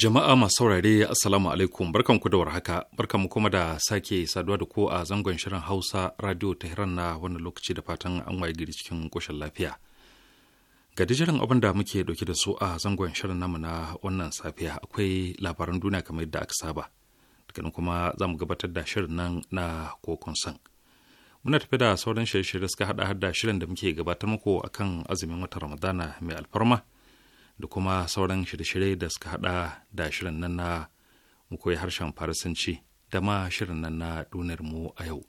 Jama'a masu saurare Assalamu alaikum barkan ku da warhaka barkan mu kuma da sake saduwa da ko a zangon shirin Hausa Radio Tehran na wannan lokaci da fatan an waye gari cikin koshin lafiya. Ga dijirin abin da muke dauke da su a zangon shirin namu na wannan safiya akwai labaran duniya kamar yadda aka saba. Daga kuma za mu gabatar da shirin nan na kokon san. Muna tafi da sauran shirye-shirye suka hada da shirin da muke gabatar muku akan azumin watan Ramadana mai alfarma. da kuma sauran shirye-shirye da suka hada da shirin nan na mu koyi harshen farisanci da ma shirin nan na dunar mu a yau.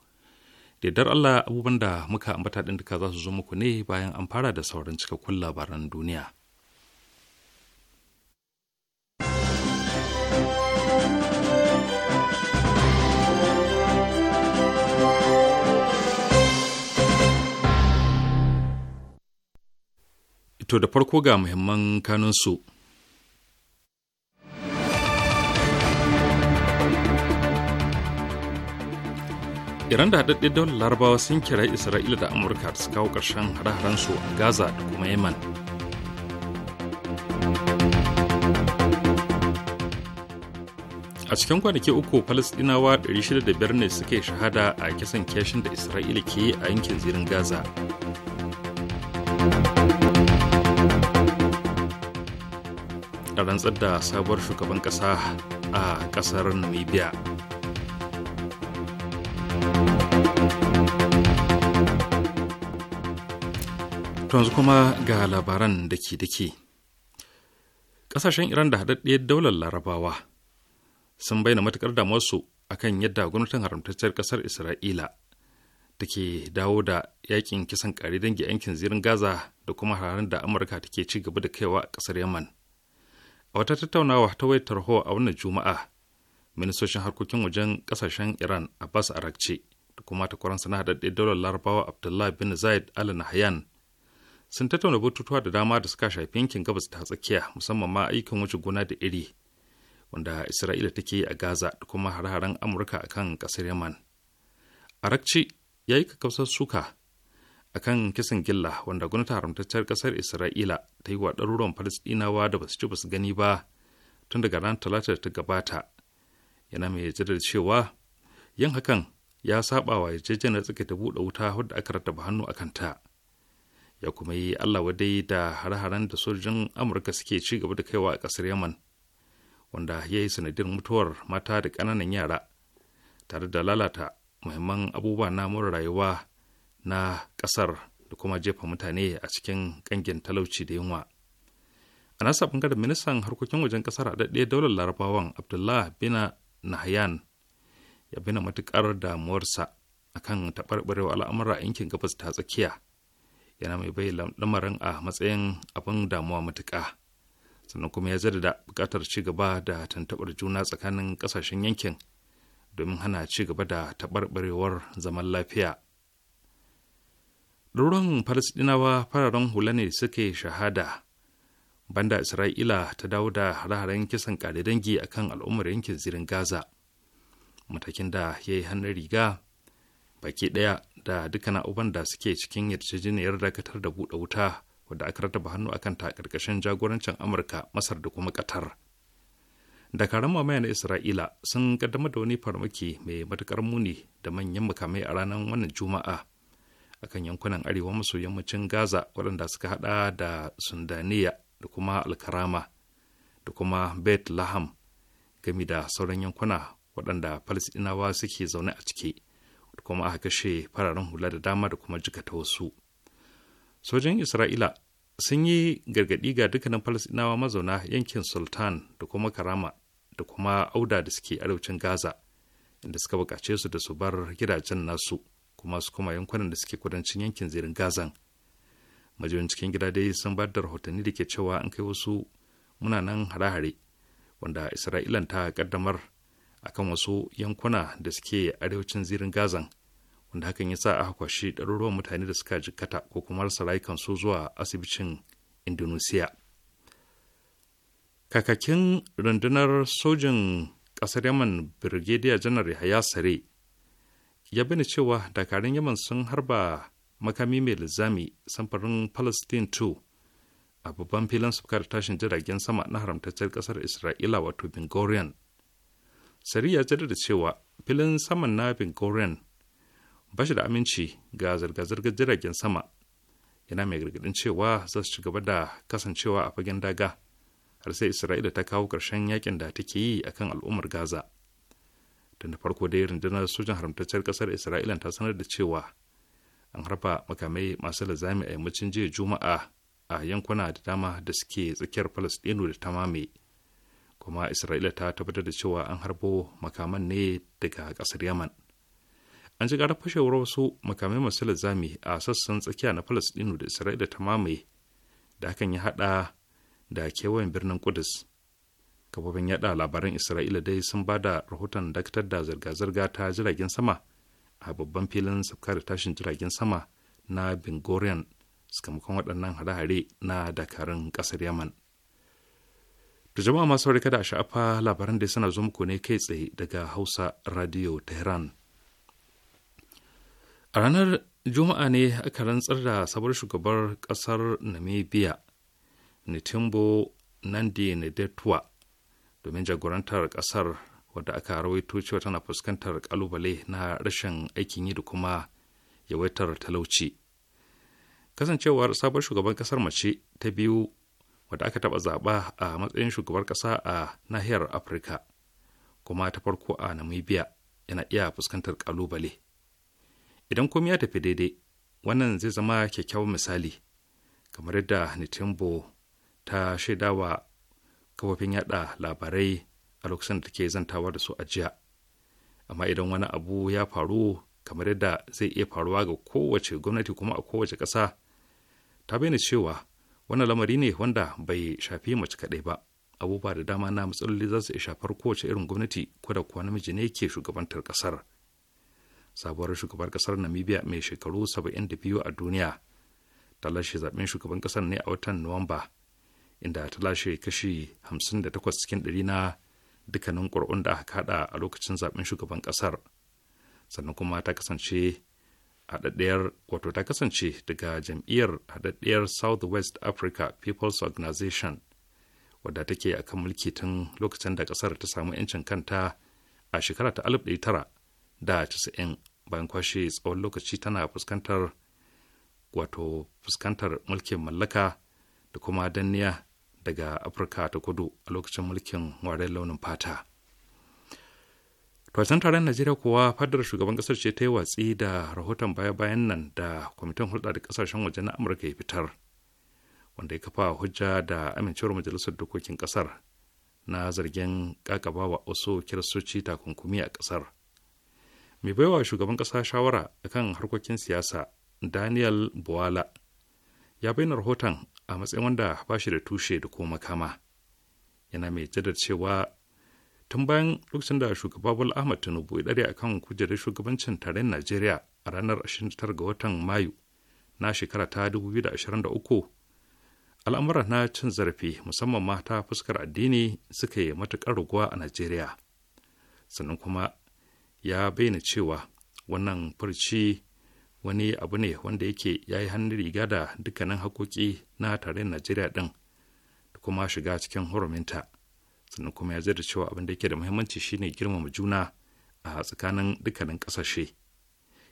Daidar Allah abubuwan da muka ambata ɗin duka za su zo muku ne bayan an fara da sauran cikakkun labaran duniya. To da farko ga muhimman kanunsu. Iran da haɗaɗɗen daular larabawa sun kira Isra'ila da Amurka da su kawo ƙarshen hare-harensu a Gaza da kuma Yemen. a cikin kwanaki uku falasdinawa 605 ne suke shahada a kisan keshin da isra'ila ke yi a yankin zirin gaza a rantsar da sabuwar shugaban ƙasa a ƙasar namibia yanzu kuma ga labaran da ke dake kasashen iran da haɗaɗɗiyar daular larabawa sun bayyana matuƙar damuwarsu akan yadda gwamnatin haramtacciyar ƙasar isra'ila da ke dawo da yakin kisan ƙari dangi yankin zirin gaza da kuma hararin da amurka take ci gaba da kaiwa a ƙasar yaman a wata tattaunawa ta wayar tarho a wannan juma'a ministocin harkokin wajen kasashen iran abbas arakci da kuma takwaran na haɗaɗɗe daular larabawa abdullahi bin zaid al nahyan sun tattauna batutuwa da dama da suka shafi yankin gabas ta tsakiya musamman ma aikin wuce gona da iri wanda isra'ila take yi a gaza da kuma hare-haren amurka akan kan ƙasar yaman arakci ya yi kakkausar suka akan kisan gilla wanda Gwamnati haramtacciyar kasar isra'ila ta yi wa ɗaruruwan falasɗinawa da basu ci basu gani ba tun daga ranar talata da ta gabata yana mai jadar cewa yin hakan ya saba wa da tsaka ta buɗe wuta wadda aka rattaba hannu a kanta ya kuma yi allah wadai da hare-haren da sojojin amurka suke ci gaba da kaiwa a ƙasar yaman wanda ya yi sanadin mutuwar mata da ƙananan yara tare da lalata muhimman abubuwa na mura rayuwa na ƙasar da kuma jefa mutane a cikin ƙangin talauci da yunwa a nasa bangaren ministan harkokin wajen ƙasar a daɗe daular larabawan abdullah bina nahyan ya bina matuƙar damuwarsa akan taɓarɓarewa al'amura a yankin gabas ta tsakiya yana mai bai lamarin a matsayin abin damuwa matuƙa sannan kuma ya jaddada buƙatar ci gaba da tantabar juna tsakanin ƙasashen yankin domin hana ci gaba da taɓarɓarewar zaman lafiya Ruran falasɗinawa fararen hula ne suke shahada banda isra'ila ta dawo da hare-haren kisan kare dangi a kan al'ummar yankin zirin gaza matakin da ya yi hannun riga baki ɗaya da dukkan abubuwan da suke cikin yarjejeniyar dakatar da buɗe wuta wadda aka rataba hannu a kanta a ƙarƙashin jagorancin amurka masar da kuma ƙatar dakarun mamaya na isra'ila sun ƙaddamar da wani farmaki mai matuƙar muni da manyan makamai a ranar wannan juma'a akan yankunan arewa maso yammacin gaza waɗanda suka hada da sundaniya da kuma alkarama da kuma bet laham gami da sauran yankuna waɗanda falasɗinawa suke zaune a ciki da kuma aka kashe fararen hula da dama da kuma jikata wasu sojan isra'ila sun yi gargaɗi ga dukkanin falasɗinawa mazauna yankin sultan da kuma karama da kuma auda da suke arewacin gaza inda suka bukace su da su bar gidajen nasu kuma su koma yankunan da suke kudancin yankin zirin gazan majiyoyin cikin gida dai sun ba da rahotanni da ke cewa an kai wasu munanan hare-hare wanda isra'ilan ta kaddamar a kan wasu yankuna da suke arewacin zirin gazan wanda hakan ya sa aka kwashi ɗaruruwan mutane da suka jikkata ko kuma rasa rayukansu zuwa asibitin indonesia kakakin rundunar sojin ƙasar yaman brigadier janar yahaya sare ya bani cewa dakarun yaman sun harba makami mai lizami samfarin palestine 2 a babban filin sufkar tashin jiragen sama na haramtaccen kasar isra'ila wato bingorian sari ya jaddada cewa filin saman na bingorian ba shi da aminci ga zirga-zirgar jiragen sama yana mai gargadin cewa za su ci gaba da kasancewa a fagen daga har sai isra'ila ta kawo ƙarshen yakin da take yi akan al'ummar gaza da na farko dai rundunar sojan haramtaccen kasar isra'ila ta sanar da cewa an harba makamai masu lazami a yammacin jiya juma'a a yankuna da dama da suke tsakiyar falastinu da tamame kuma isra'ila ta tabbatar da cewa an harbo makaman ne daga kasar yaman an ji ƙarar fashewar wasu makamai masu lazami a sassan tsakiya na falastinu da isra'ila ta mamaye da hakan ya haɗa da kewayen birnin kudus kafofin yada labaran isra'ila dai sun ba da rahoton dakatar da zirga-zirga ta jiragen sama a babban filin sabka da tashin jiragen sama na bingorian sakamakon waɗannan hare-hare na dakarun ƙasar yaman da jama'a masu warka da sha'afa labaran da suna zo muku ne kai tsaye daga hausa radio tehran a ranar juma'a ne aka rantsar da sabuwar shugabar ƙasar namibia nitimbo nandi nedetwa domin jagorantar kasar wadda aka rawaito cewa tana fuskantar kalubale na rashin aikin yi da kuma yawaitar talauci kasancewar sabon shugaban kasar mace ta biyu wadda aka taɓa zaba a matsayin shugabar ƙasa a nahiyar afirka kuma ta farko a namibia yana iya fuskantar kalubale idan komi ya tafi daidai wannan zai zama kyakkyawan misali kamar yadda nitimbo ta shaidawa kafofin yada labarai a lokacin da take zantawa da su a jiya amma idan wani abu ya faru kamar yadda zai iya faruwa ga kowace gwamnati kuma a kowace ƙasa ta bayyana cewa wannan lamari ne wanda bai shafi mace kaɗai ba abubuwa da dama na matsaloli za su iya shafar kowace irin gwamnati ko da kuwa namiji ne ke shugabantar ƙasar sabuwar shugabar ƙasar namibia mai shekaru saba'in da biyu a duniya ta lashe zaɓen shugaban ƙasar ne a watan nuwamba inda ta lashe kashi 58 cikin ɗari na dukkanin ƙuri'un da aka kada a lokacin zaben shugaban ƙasar sannan kuma ta kasance haɗaɗɗiyar wato ta kasance daga jam'iyyar haɗaɗɗiyar west africa people's organization wadda take a kan mulki tun lokacin da ƙasar ta samu 'yancin kanta a shekara ta 1990 bayan kwashe tsawon lokaci tana fuskantar wato fuskantar mulkin mallaka da kuma danniya daga afirka ta kudu a lokacin mulkin waren launin fata Farsan taron Najeriya kuwa fadar shugaban kasar ce ta yi watsi da rahoton baya-bayan nan da kwamitin hulɗa da kasashen waje na Amurka ya fitar, wanda ya kafa hujja da amincewar majalisar dokokin kasar na zargin ƙaƙabawa wasu kiristoci takunkumi a kasar. Mai baiwa shugaban kasa shawara akan harkokin siyasa Daniel Buwala ya bayyana rahoton a matsayin wanda ba shi da tushe da ko makama yana mai jaddada cewa tun bayan lokacin da shugaba bola ahmad tinubu ya dare akan kujerar shugabancin tarayyar najeriya a ranar 29 ga watan mayu na shekara ta 2023 al'amura na cin zarafi musamman mata fuskar addini suka yi matuƙar ruguwa a najeriya sannan kuma ya bayyana cewa wannan furci wani abu ne wanda yake ya yi hannun riga da dukkanin hakoki na tarayyar najeriya din da kuma shiga cikin horominta sannan kuma ya da cewa abin da yake da muhimmanci shine girmama juna a tsakanin dukkanin kasashe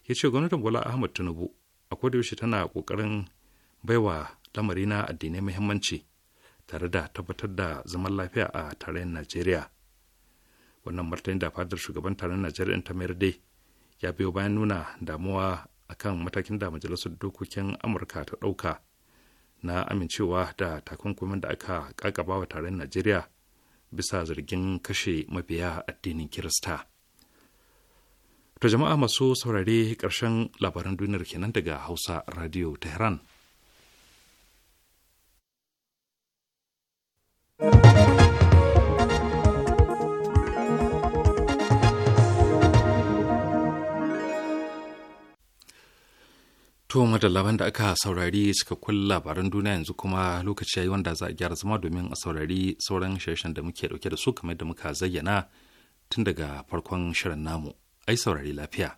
ya ce gwamnatin bola ahmad tinubu a kodayaushe tana kokarin baiwa lamari na addinai muhimmanci tare da tabbatar da zaman lafiya a tarayyar najeriya wannan martani da fadar shugaban taron najeriya ta mayar dai ya biyo bayan nuna damuwa akan matakin da majalisar dokokin amurka ta ɗauka na amincewa da takunkumin da aka kakaba wa taron najeriya bisa zargin kashe mabiya addinin kirista to jama'a masu saurare ƙarshen labaran duniyar kenan daga hausa radio tehran To madallaban da aka saurari cikakkun labaran duniya yanzu kuma lokaci ya yi wanda za a gyara zama domin a saurari sauran shirshen da muke dauke da su kamar da muka zayyana tun daga farkon shirin namu. Ai saurari lafiya.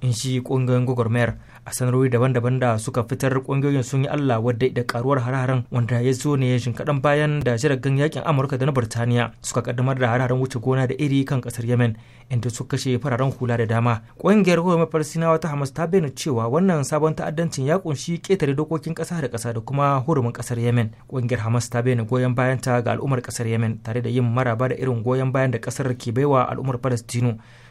in shi kungiyoyin gwagwarmayar a sanarwar daban-daban da suka fitar kungiyoyin sun yi allah wadda da karuwar hararen haren wanda ya zo ne shinkaɗan bayan da jiragen yakin amurka da na Burtaniya. suka kaddamar da hararen wuce gona da iri kan kasar yemen inda suka kashe fararen hula da dama kungiyar hukumar farsinawa ta hamas ta bayyana cewa wannan sabon ta'addancin ya kunshi ketare dokokin kasa da kasa da kuma hurumin kasar yemen kungiyar hamas ta bayyana goyon bayanta ga al'ummar kasar yemen tare da yin maraba da irin goyon bayan da kasar ke baiwa al'ummar palestino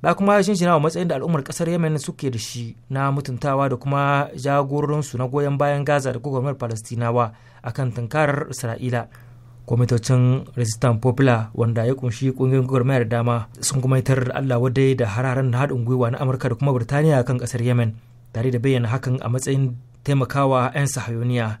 da kuma shi nawa matsayin da al'ummar kasar yemen suke da shi na mutuntawa da kuma jagororinsu na goyon bayan gaza da gwamnatin palestinawa akan tunkarar isra'ila kwamitocin resistant popular wanda ya kunshi kungiyoyin gwamnatin dama sun kuma yitar allah wadai da hararen na haɗin gwiwa na amurka da kuma birtaniya kan kasar yemen tare da bayyana hakan a matsayin taimakawa 'yan sahayoniya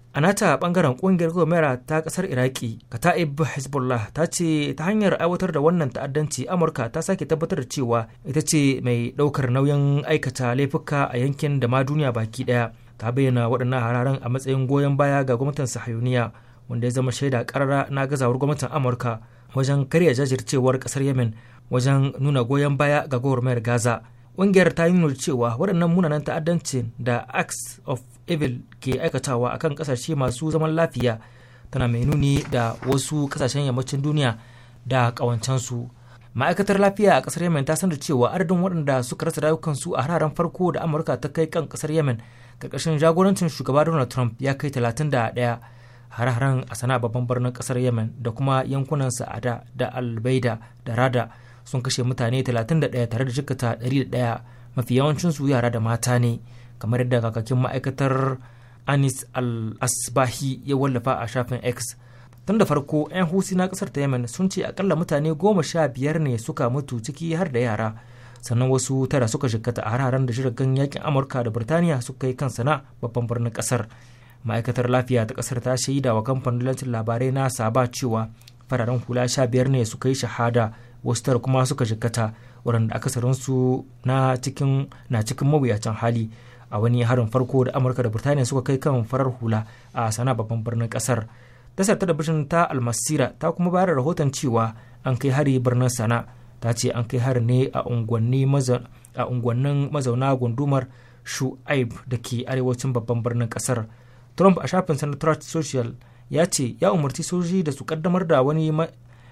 a nata bangaren kungiyar gomera ta kasar iraki kata'ib hezbollah ta ce ta hanyar aiwatar da wannan ta'addanci amurka ta sake tabbatar da cewa ita ce mai daukar nauyin aikata laifuka a yankin da ma duniya baki daya ta bayyana waɗannan hararen a matsayin goyon baya ga gwamnatin sahayuniya wanda ya zama shaida karara na gazawar gwamnatin amurka wajen karya jajircewar kasar yemen wajen nuna goyon baya ga gwamnatin gaza ƙungiyar ta yi nuna cewa waɗannan munanan ta'addancin da acts of evil ke aikatawa akan kasashe masu zaman lafiya tana mai nuni da wasu kasashen yammacin duniya da kawancansu ma'aikatar lafiya a kasar yemen ta sanar cewa adadin waɗanda suka rasa rayukansu a hararen farko da amurka ta kai kan kasar yemen ƙarƙashin jagorancin shugaba donald trump ya kai 31 har-haren a sana babban birnin kasar yemen da kuma yankunan sa'ada da albaida da rada sun kashe mutane 31 tare da jikata ɗaya mafi yawancinsu yara da mata ne kamar yadda kakakin ma'aikatar anis al-asbahi ya wallafa a shafin x tun da farko 'yan husi na kasar ta yemen sun ce akalla mutane goma sha biyar ne suka mutu ciki har da yara sannan wasu tara suka shikata a hararen da shirgan yakin amurka da birtaniya suka yi kan sana babban birnin kasar ma'aikatar lafiya ta kasar ta shaida wa kamfanin labarai na saba cewa fararen hula sha biyar ne suka yi shahada wasu tara kuma suka shikata waɗanda akasarinsu na cikin mawuyacin hali a wani harin farko da amurka da burtaniya suka kai kan farar hula a sana babban birnin kasar tasar talabijin ta almasira ta kuma bayar da rahoton cewa an kai hari birnin sana ta ce an kai hari ne a unguwannin mazauna gundumar shu'aib da ke arewacin babban birnin kasar trump a shafin sanatorat social ya ce ya umarci sojoji da su kaddamar da wani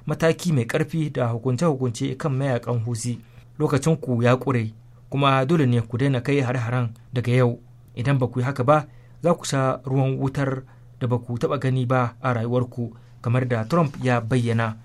mataki mai karfi da hukunce-hukunce kan mayakan huzi lokacin ku ya kure kuma dole ne ku daina kai har-haren daga yau idan ba ku yi haka ba za ku sha ruwan wutar da ba ku taɓa gani ba a rayuwarku kamar da trump ya bayyana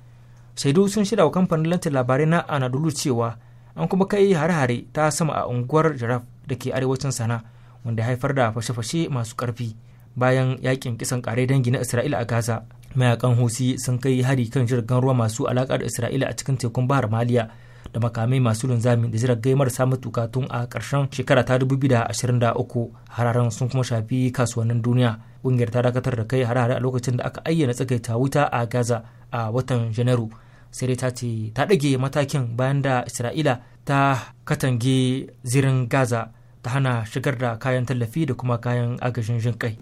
shaidu sun shirya wa kamfanin lantin labarai na anadolu cewa an kuma kai hare-hare ta sama a unguwar jaraf da ke arewacin sana wanda haifar da fashe-fashe masu karfi bayan yakin kisan kare dangi na isra'ila a gaza mayakan hosi sun kai hari kan jirgin ruwa masu alaƙa da isra'ila a cikin tekun bahar maliya da makamai masu linzami da jiragai marasa matuka tun a ƙarshen shekara ta 2023 hararen sun kuma shafi kasuwannin duniya ƙungiyar ta dakatar da kai harare a lokacin da aka ayyana tsagaita wuta a gaza a watan janairu sai dai ta ce ta ɗage matakin bayan da isra'ila ta katange zirin gaza ta hana shigar da kayan tallafi da kuma kayan agajin jin kai.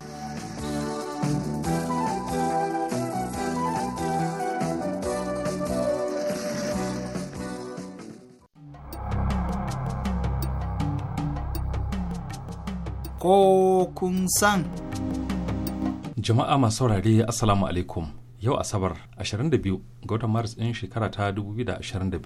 ko kun san. Jama'a masu saurare Assalamu alaikum yau Asabar 22 ga watan Maris ɗin shekara ta 2025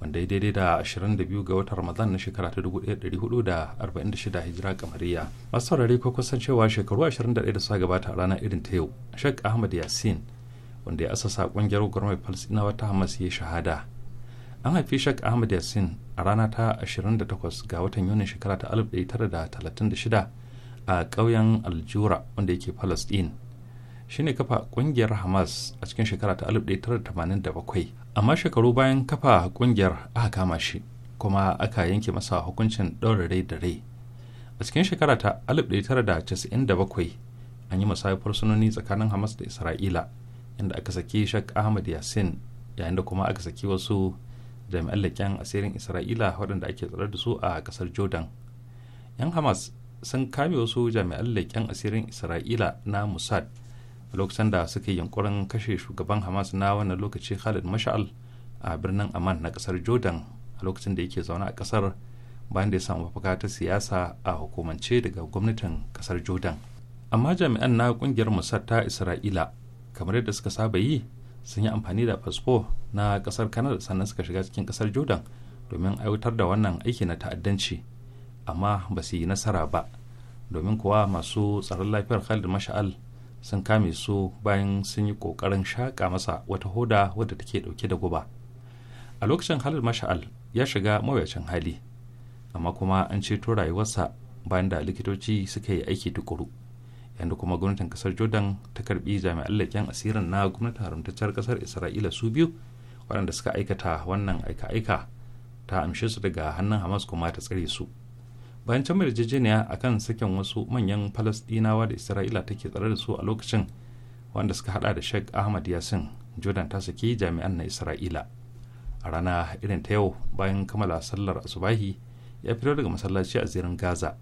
wanda ya daidai da 22 ga watan Ramadan na shekara ta 1446 hijira kamariya. Masu saurare ko kusan cewa shekaru 21 da suka gabata a ranar irin ta yau, Sheikh Ahmad Yasin wanda ya asasa kungiyar gwamnati Falasɗinawa wata Hamas ya shahada. an haifi shak ahmad yasin a rana ta 28 ga watan yunin shekara ta 1936 a ƙauyen aljura wanda yake palestine shine kafa ƙungiyar hamas a cikin shekara ta 1987 amma shekaru bayan kafa ƙungiyar aka kama shi kuma aka yanke masa hukuncin ɗaure rai da rai a cikin shekara ta 1997 an yi musayar fursunoni tsakanin hamas da isra'ila inda aka saki shak ahmad yasin yayin da kuma aka saki wasu jami'an leƙen asirin isra'ila waɗanda ake tsare da su a ƙasar jordan yan hamas sun kame wasu jami'an leƙen asirin isra'ila na mossad a lokacin da suka yi yunkurin kashe shugaban hamas na wannan lokaci khalid mashal a birnin aman na ƙasar jordan a lokacin da yake zaune a ƙasar bayan da ya samu mafaka ta siyasa a hukumance daga gwamnatin ƙasar jordan amma jami'an na ƙungiyar mossad ta isra'ila kamar yadda suka saba yi sun yi amfani da fasfo na kasar kanada sannan suka shiga cikin kasar jordan domin aiwatar da wannan aiki na ta'addanci amma ba su yi nasara ba domin kuwa masu tsaron lafiyar khalid mashal sun kame su bayan sun yi kokarin shaƙa masa wata hoda wadda take dauke da guba a lokacin halin mashal ya shiga mawuyacin hali amma kuma an ceto rayuwarsa bayan da likitoci suka yi aiki tukuru. yanda kuma gwamnatin kasar jordan ta karbi jami'an laƙen asirin na gwamnatin haramtacciyar kasar isra'ila su biyu waɗanda suka aikata wannan aika-aika ta amshe su daga hannun hamas kuma ta tsare su bayan can a kan saken wasu manyan falasɗinawa da isra'ila take tsare da su a lokacin wanda suka hada da sheikh ahmad yasin jordan ta saki jami'an na isra'ila a rana irin ta yau bayan kammala sallar asubahi ya fito daga masallaci a zirin gaza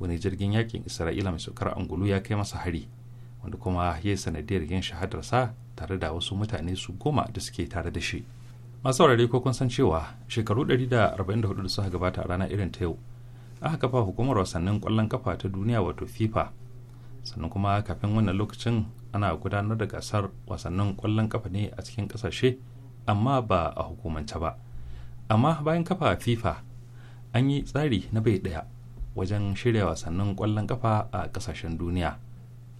wani jirgin yakin isra'ila mai saukar angulu ya kai masa hari wanda kuma ya yi sanadiyar yin shahadarsa tare da wasu mutane su goma da suke tare da shi masu saurare ko kun san cewa shekaru 144 da suka gabata a rana irin ta yau aka kafa hukumar wasannin kwallon kafa ta duniya wato fifa sannan kuma kafin wannan lokacin ana gudanar da gasar wasannin kwallon kafa ne a cikin kasashe amma ba a hukumance ba amma bayan kafa fifa an yi tsari na bai ɗaya. wajen shirya wasannin kwallon kafa a kasashen duniya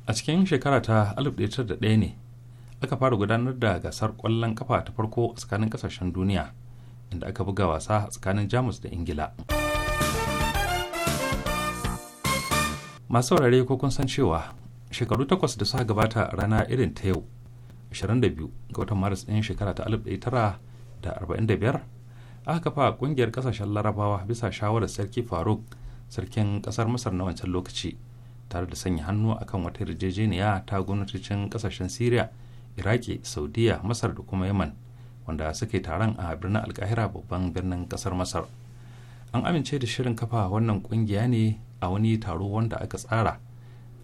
a cikin shekara ta 1901 ne aka fara gudanar da gasar ƙwallon kafa ta farko tsakanin kasashen duniya inda aka buga wasa tsakanin jamus da ingila masu saurare ko kun san cewa shekaru takwas da suka gabata a rana irin ta yau 22 ga watan maris ɗin shekara ta 1945 aka kafa ƙungiyar ƙasashen larabawa bisa shawarar sarki faruk sarkin kasar masar na wancan lokaci tare da sanya hannu akan wata yarjejeniya ta gwamnatocin kasashen syria iraki saudiya masar da kuma yaman wanda suke taron a birnin alkahira babban birnin kasar masar an amince da shirin kafa wannan kungiya ne a wani taro wanda aka tsara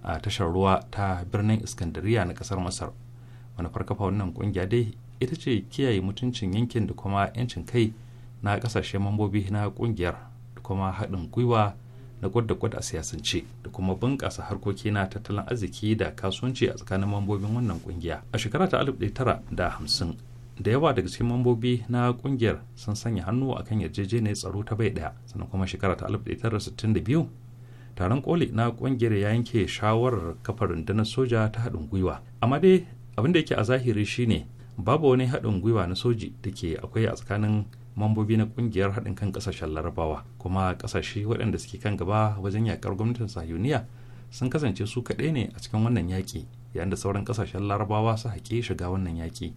a tashar ruwa ta birnin iskandariya na kasar masar manufar kafa wannan kungiya dai ita ce kiyaye mutuncin yankin da kuma 'yancin kai na kasashe mambobi na kungiyar da kuma haɗin gwiwa na gwada-gwada a siyasance da kuma bunƙasa harkoki na tattalin arziki da kasuwanci a tsakanin mambobin wannan kungiya a shekara ta alif tara da hamsin da yawa daga cikin mambobi na ƙungiyar sun sanya hannu akan yarjejeniyar tsaro ta bai ɗaya sannan kuma shekara ta alif tara da sittin biyu. taron koli na ƙungiyar ya yanke shawarar kafa rundunar soja ta haɗin gwiwa amma dai abin da yake a zahiri shine babu wani haɗin gwiwa na soji da ke akwai a tsakanin mambobi na kungiyar haɗin kan ƙasashen larabawa kuma ƙasashe waɗanda suke kan gaba wajen yaƙar gwamnatin sahuniya sun kasance su kaɗai ne a cikin wannan yaƙi yayin da sauran ƙasashen larabawa su haƙe shiga wannan yaƙi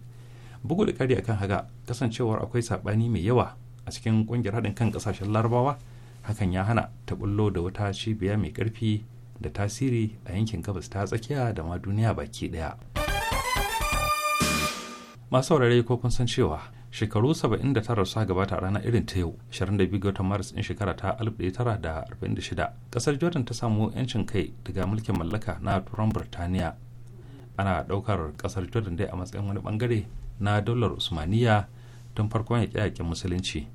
bugu da ƙari akan haga kasancewar akwai saɓani mai yawa a cikin ƙungiyar haɗin kan ƙasashen larabawa hakan ya hana ta bullo da wata cibiya mai ƙarfi da tasiri a yankin gabas ta tsakiya da ma duniya baki ɗaya masu saurare ko kun san cewa shekaru 79 suka gabata a ranar irin ta yau 22 ga watan maris din shekara ta 1946 kasar jordan ta samu 'yancin kai daga mulkin mallaka na turan burtaniya ana daukar kasar jordan dai a matsayin wani bangare na dolar usmaniya tun farkon yaƙe-yaƙen musulunci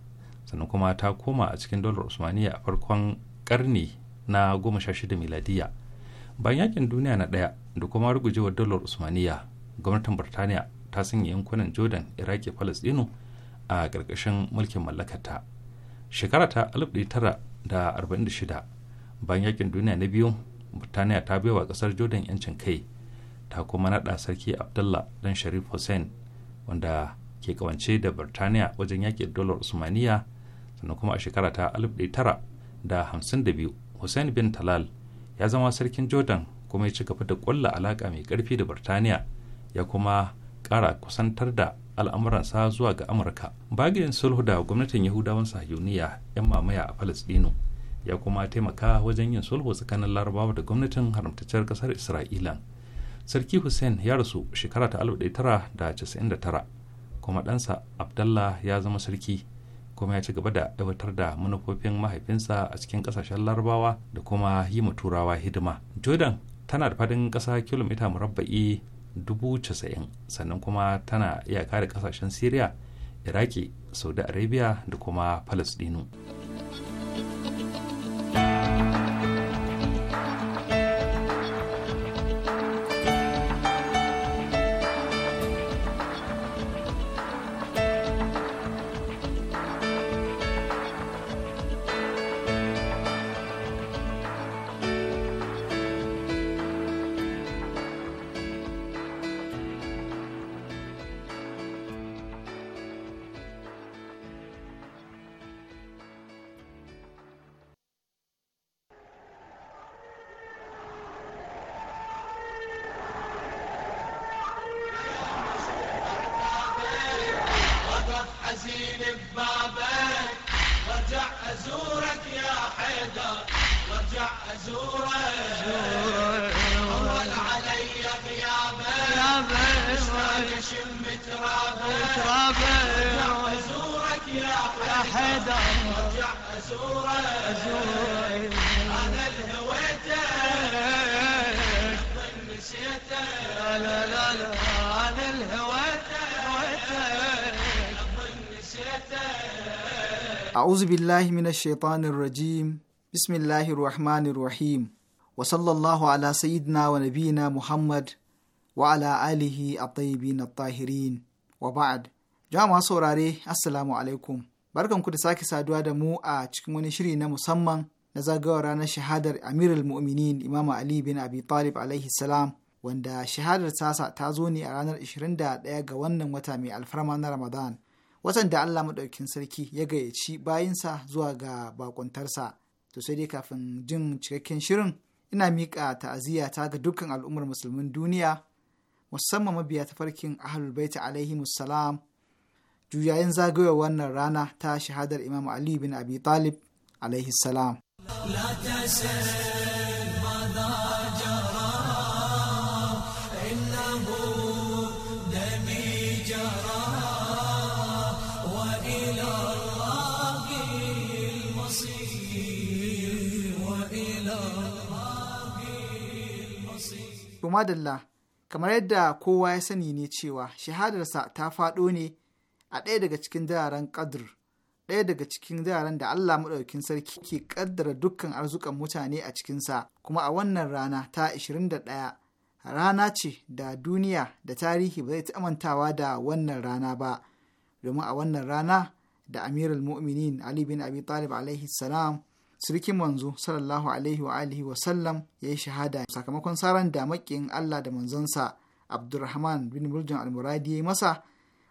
sannan kuma ta koma a cikin dolar usmaniya a farkon karni na 16 miladiya bayan yakin duniya na daya da kuma rugujewar dalar usmaniya gwamnatin burtaniya. ta sanya yankunan jordan iraki palestino a ƙarƙashin mulkin mallakata shekara ta 1946 bayan yakin duniya na biyu burtaniya ta baiwa ƙasar jordan yancin kai ta kuma naɗa sarki abdullah dan sharif hussein wanda ke kawance da burtaniya wajen yaƙi dolar usmaniya sannan kuma a shekara ta 1952 hussein bin talal ya zama sarkin jordan kuma ya ci gaba da ƙulla alaƙa mai ƙarfi da burtaniya ya kuma kara kusantar da al'amuransa zuwa ga amurka bagayin sulhu da gwamnatin yahudawan sahiyuniya 'yan mamaya a falastinu ya kuma taimaka wajen yin sulhu tsakanin larabawa da gwamnatin haramtacciyar kasar isra'ila sarki hussein ya rasu shekara ta da 1999 kuma ɗansa abdallah ya zama sarki kuma ya ci gaba da aiwatar da manufofin mahaifinsa a cikin kasashen larabawa da kuma yi turawa hidima jordan tana da fadin ƙasa kilomita murabba'i casa'in sannan kuma tana iyaka da kasashen syria iraki saudi arabia da kuma palestinu. أعوذ بالله من الشيطان الرجيم بسم الله الرحمن الرحيم وصلى wa على سيدنا ونبينا محمد وعلى آله الطيبين الطاهرين وبعد jama'a saurare assalamu alaikum barkan ku da sake saduwa da mu a cikin wani shiri na musamman na zagawar ranar shahadar amirul mu'minin imam ali bin abi talib alaihi salam wanda shahadar tasa ta zo ne a ranar 21 ga wannan wata mai alfarma na ramadan da Allah maɗaukin sarki ya gayyaci bayinsa zuwa ga bakuntarsa. To sai dai kafin jin cikakken shirin ina miƙa ta'aziyya ta ga dukkan al'ummar musulmin duniya musamman mabiya tafarkin ahlul baita alaihi musalam juyayin zagayowar wannan rana ta shahadar imam ali bin abi talib alaihi salam. to kamar yadda kowa ya sani ne cewa shahadarsa ta faɗo ne a ɗaya daga cikin dararen ƙadur ɗaya daga cikin dararen da Allah maɗaukin sarki ke ƙaddara dukkan arzukan mutane a cikinsa kuma a wannan rana ta 21 rana ce da duniya da tarihi ba zai ta amantawa da wannan rana ba domin a wannan rana da amirul mu'minin ali bin abi talib sirikin manzo sallallahu alaihi wa alihi wa sallam ya yi shahada sakamakon saran damakin Allah da manzonsa Abdulrahman bin Murjan al-Muradi ya yi masa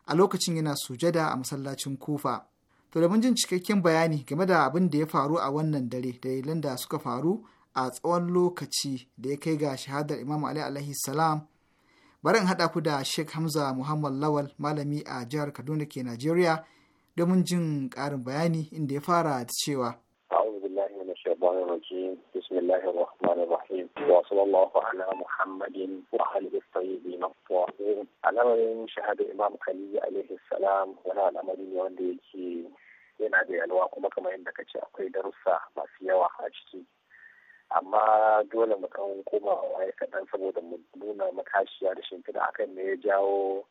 a lokacin yana sujada a masallacin Kufa. To da mun jin cikakken bayani game da abin da ya faru a wannan dare da dalilan da suka faru a tsawon lokaci da ya kai ga shahadar Imam Ali alaihi salam bari in ku da Sheikh Hamza Muhammad Lawal malami a jihar Kaduna ke Najeriya domin jin karin bayani inda ya fara da cewa بسم الله الرحمن الرحيم وصلى الله على محمد وآله الطيبين الطاهرين al'amarin shahadar imam ali alaihi salam wani al'amari ne wanda yake yana da yalwa kuma kamar yadda kace akwai darussa masu yawa a ciki amma dole mu kan koma waye kaɗan saboda mu nuna matashiya da shimfiɗa akan me ya jawo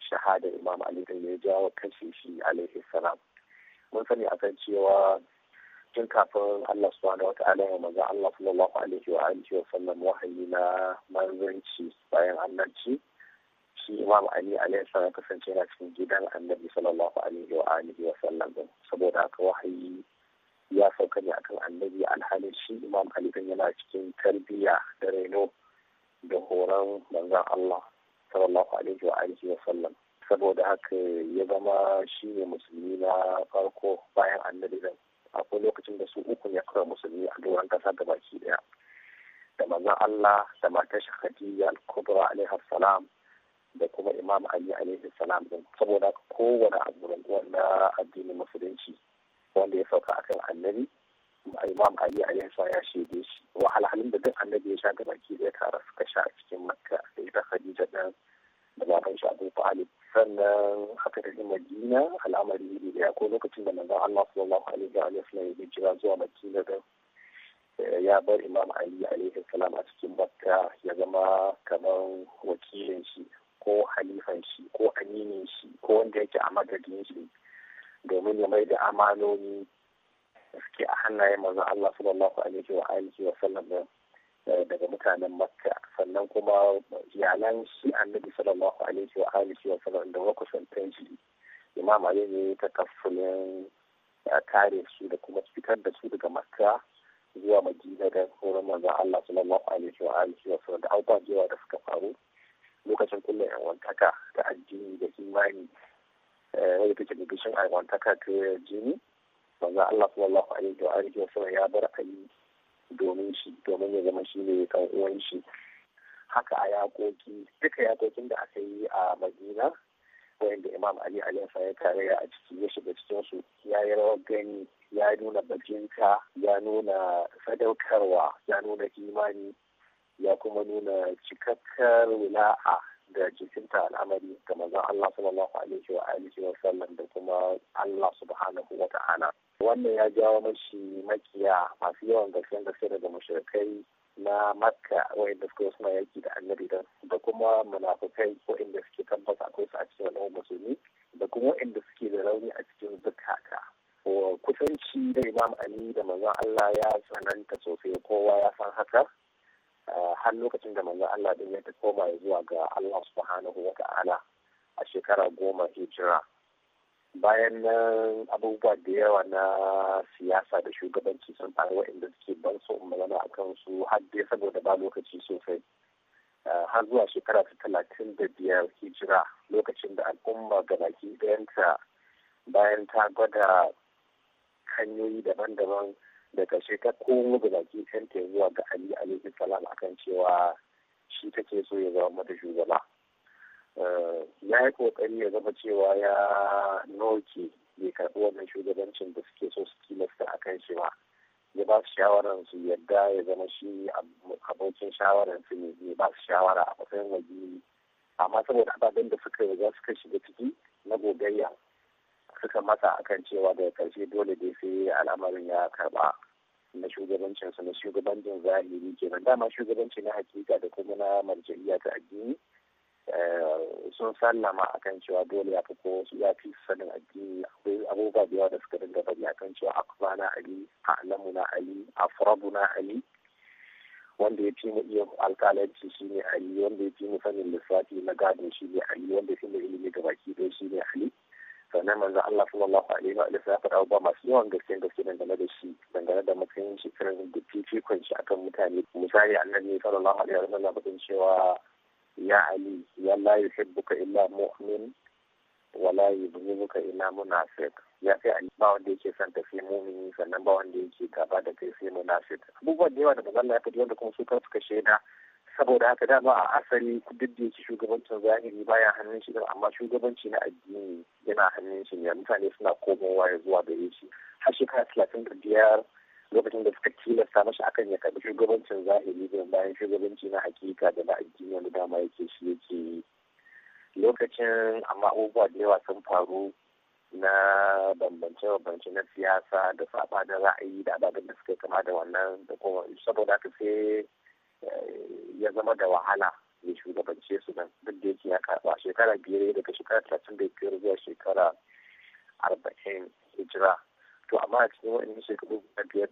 shahadar imam ali da ya jawo kashe shi alaihi salam mun sani akan cewa tun kafin Allah subhanahu wa ta'ala ya maza, Allah sallallahu alaihi wa alihi wa sallam wahayi na manzanci bayan annabci shi Imam Ali alaihi salam kasance yana cikin gidan Annabi sallallahu alaihi wa alihi wa sallam saboda haka wahayi ya sauka ne akan Annabi alhalin shi Imam Ali din yana cikin tarbiyya da reno da horon manzon Allah sallallahu alaihi wa alihi wa sallam saboda haka ya zama shi ne musulmi na farko bayan annabi akwai lokacin da su uku ya suka musulmi a doron kasa da baki daya da manzon Allah da matar Khadija al-Kubra alaiha salam da kuma Imam Ali alaihi salam din saboda kowane abu na addinin musulunci wanda ya sauka akan annabi Imam Ali alaihi salam ya shaide shi wahalhalun da duk annabi ya sha da baki ta tare suka sha a cikin Makka da ita Khadija dan da baban shi Abu Talib sannan da tafi madina al'amari ne da ko lokacin da manzon Allah sallallahu alaihi wa sallam ya jira zuwa madina da eh, ya bar imam ali alaihi salam a cikin bakka ya zama kamar wakilin shi ko halifan shi ko aminin shi ko wanda yake a madadin shi domin ya mai da amanoni suke a hannayen manzon Allah sallallahu alaihi wa wa sallam Eh, daga mutanen makka sannan kuma iyalan shi annabi sallallahu alaihi wa alihi wa sallam da makusantan shi imam ali ne ta kafulin eh, kare su da kuma fitar da su daga makka zuwa madina da horon manzo Allah sallallahu alaihi wa alihi wa sallam da abubuwa da suka faru lokacin kullum yan wantaka da addini da imani eh wadda take da gishin aiwantaka ta jini manzo Allah sallallahu alaihi wa alihi wa sallam ya bar ayi domin shi domin ya zama shi ne kan uwan shi haka a yakoki duka yakokin da aka yi a madina wayanda imam ali alifa ya kare a ciki ya shiga cikin su ya yi rawar gani ya nuna bakinka ya nuna sadaukarwa ya nuna imani ya kuma nuna cikakkar wula'a. da jikinta al'amari ga manzon Allah sallallahu alaihi wa alihi wa sallam da kuma Allah subhanahu wa ta'ala wannan ya jawo mashi makiya masu yawan gaske gaske daga mushrikai na makka wa'inda suka suna yaki da annabi da kuma munafukai wa'inda suke tabbata akwai su a cikin al'ummar musulmi da kuma wa'inda suke da rauni a cikin zukata kusanci da imam ali da manzon Allah ya sananta sosai kowa ya san haka har lokacin da manzon Allah din ya ta koma zuwa ga Allah subhanahu wa ta'ala a shekara goma hijira bayan abubuwa da yawa na siyasa da shugabanci sun faru waɗanda suke ban so a kansu su har saboda ba lokaci sosai har zuwa shekara ta talatin da biyar hijira lokacin da al'umma gabaki ɗayanta bayan ta gwada hanyoyi daban-daban da karshe ta komo da baki ɗanta zuwa ga ali alaihi salam akan cewa shi take so ya zama mata shugaba eh, ya yi kokari ya zama cewa ya noke bai karɓi wannan shugabancin da suke so su tilasta a kan shi ba ya ba su shawarar su yadda ya zama shi abokin shawarar su ne ya ba su shawara a matsayin waje amma saboda ababen da suka riga suka shiga ciki na gogayya suka masa akan cewa daga karshe dole dai sai al'amarin ya karba na shugabancin su na shugabancin zahiri kenan dama shugabanci na hakika da kuma na marjariya ta addini eh, sun sallama akan cewa dole ya fi wasu ya fi sanin addini akwai abubuwa da yawa da suka dinga bari akan cewa na ali Alamu na ali na ali wanda ya fi mu iya alƙalanci shi ne ali wanda ya fi mu sanin lissafi na gado shi ne ali wanda ya fi mu ilimi gabaki baki ɗaya shi ne ali sannan manzo Allah sallallahu alaihi wa alihi ya faɗa ba masu yawan gaske gaske game da shi dangane da matsayin shi kan da fifikon shi akan mutane misali ne sallallahu alaihi wa sallam bin cewa ya ali ya la yuhibbuka illa mu'min wa la yubghiduka illa munafiq ya sai ali ba wanda yake son tafi mumini sannan ba wanda yake gaba da kai sai munafiq abubuwa da yawa da manzo ya wanda kuma su ka suka shaida saboda haka dama a asali duk da yake shugabancin zahiri baya hannun shi amma shugabanci na addini yana hannun shi ne mutane suna komowa ya zuwa gare shi har shekara talatin da biyar lokacin da suka tilasta mashi akan ya karbi shugabancin zahiri da bayan shugabanci na hakika da na addini wani dama yake shi yake yi lokacin amma abubuwa da yawa sun faru na bambance-bambance na siyasa da da ra'ayi da ababen da suka kama da wannan da kuma saboda haka sai ya zama da wahala ya shugabance su nan duk da yake ya karba shekara biyar daga shekara talatin da biyar zuwa shekara arba'in hijira to amma a cikin waɗannan shekaru guda biyar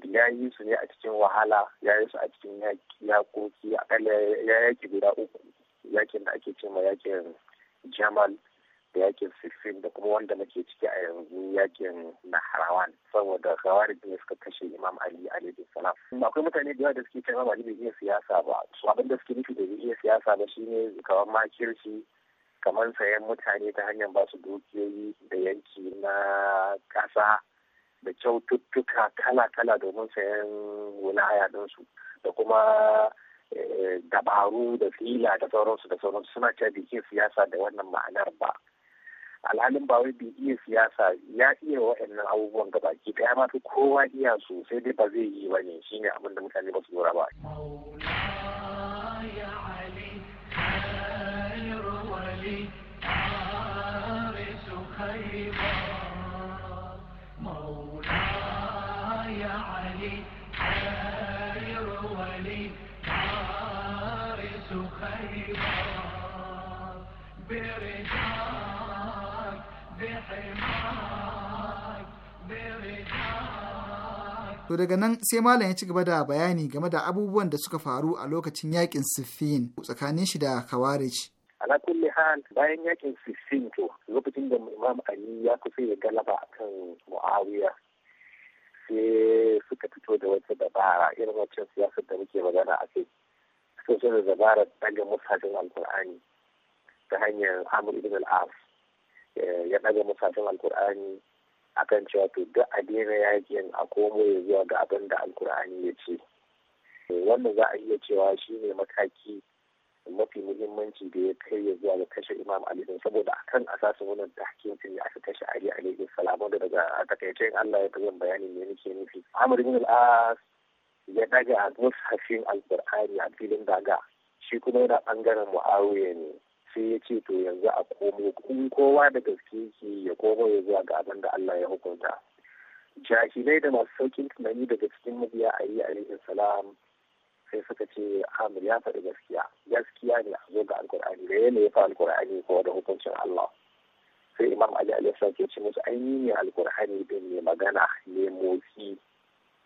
ɗin ya yi su ne a cikin wahala ya yi su a cikin yaƙoƙi akalla ya yaƙi guda uku yaƙin da ake cewa yaƙin jamal da yakin siffin da kuma wanda muke ciki a yanzu yakin harawan saboda khawarij da suka kashe imam ali alaihi salam akwai mutane da yawa da suke cewa ali bai iya siyasa ba su abin da suke nufi da bai iya siyasa ba shine kamar makirci kamar sayan mutane ta hanyar basu dukiyoyi da yanki na kasa da kyaututtuka kala-kala domin sayan wilaya ɗinsu da kuma eh, dabaru da fila da sauransu da sauransu suna cewa bikin siyasa da wannan ma'anar ba alhalin ba wai bai iya siyasa ya iya waɗannan abubuwan gaba ki ɗaya ma kowa iya su sai dai ba zai yi ba ne shine abin da mutane ba su lura ba. Bere To daga nan sai malam ya ci gaba da bayani game da abubuwan da suka faru a lokacin yakin Siffin tsakanin shi da Kawarij. ala kulli hal bayan yakin Siffin to lokacin da Imam Ali ya kusa ya galaba a kan Muawiya sai suka fito da wata dabara irin wacce siyasar da muke magana a kai suka so da dabarar daga musajin alkur'ani ta hanyar Amr ibn al-As eh, ya daga musajin alkur'ani akan cewa to duk a daina yakin a komo ya zuwa ga abin da alkur'ani ya ce wannan za a iya cewa shi ne mataki mafi muhimmanci da ya kai ya zuwa ga kashe imam ali din saboda akan asasin wannan tahkikin ne aka kashe ali alaihi salam da daga takaice Allah ya tabbata bayani ne nake nufi amr ibn al-as ya daga mushafin alqur'ani a filin daga shi kuma yana bangaren muawiya ne sai ya ce to yanzu a komo in kowa da gaske ke ya komo ya zuwa ga abin da Allah ya hukunta jahilai da masu saukin tunani daga cikin mabiya a yi alaihi salam sai suka ce Amir ya faɗi gaskiya gaskiya ne a zo ga alkur'ani da yana ya fa alkur'ani ko da hukuncin Allah sai Imam Ali alaihi salam ke ce musu an yi ne alkur'ani din ne magana ne motsi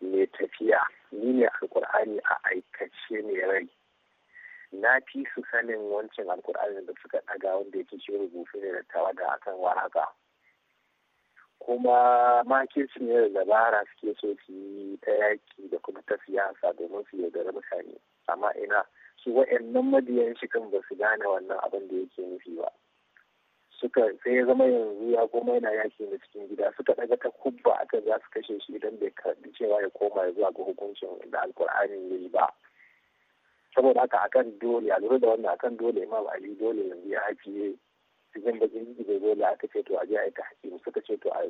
ne tafiya ni ne alkur'ani a aikace ne rai na fi su sanin wancan alkur'ani da suka ɗaga wanda yake shi rubutu ne da da akan waraka kuma ke ne da dabara suke so su yi ta yaki da kuma ta siyasa domin su yaudara mutane amma ina su wa'annan madiyan shi kan ba su gane wannan abin da yake nufi ba suka sai zama yanzu ya goma yana yaki na cikin gida suka daga ta kubba akan za su kashe shi idan bai karbi cewa ya koma zuwa ga hukuncin da alkur'ani ya yi ba saboda haka akan dole a lura da wannan akan dole imam ali dole yanzu ya haƙi cikin bakin jiki da dole aka ce to a je a yi hakimu suka ce to a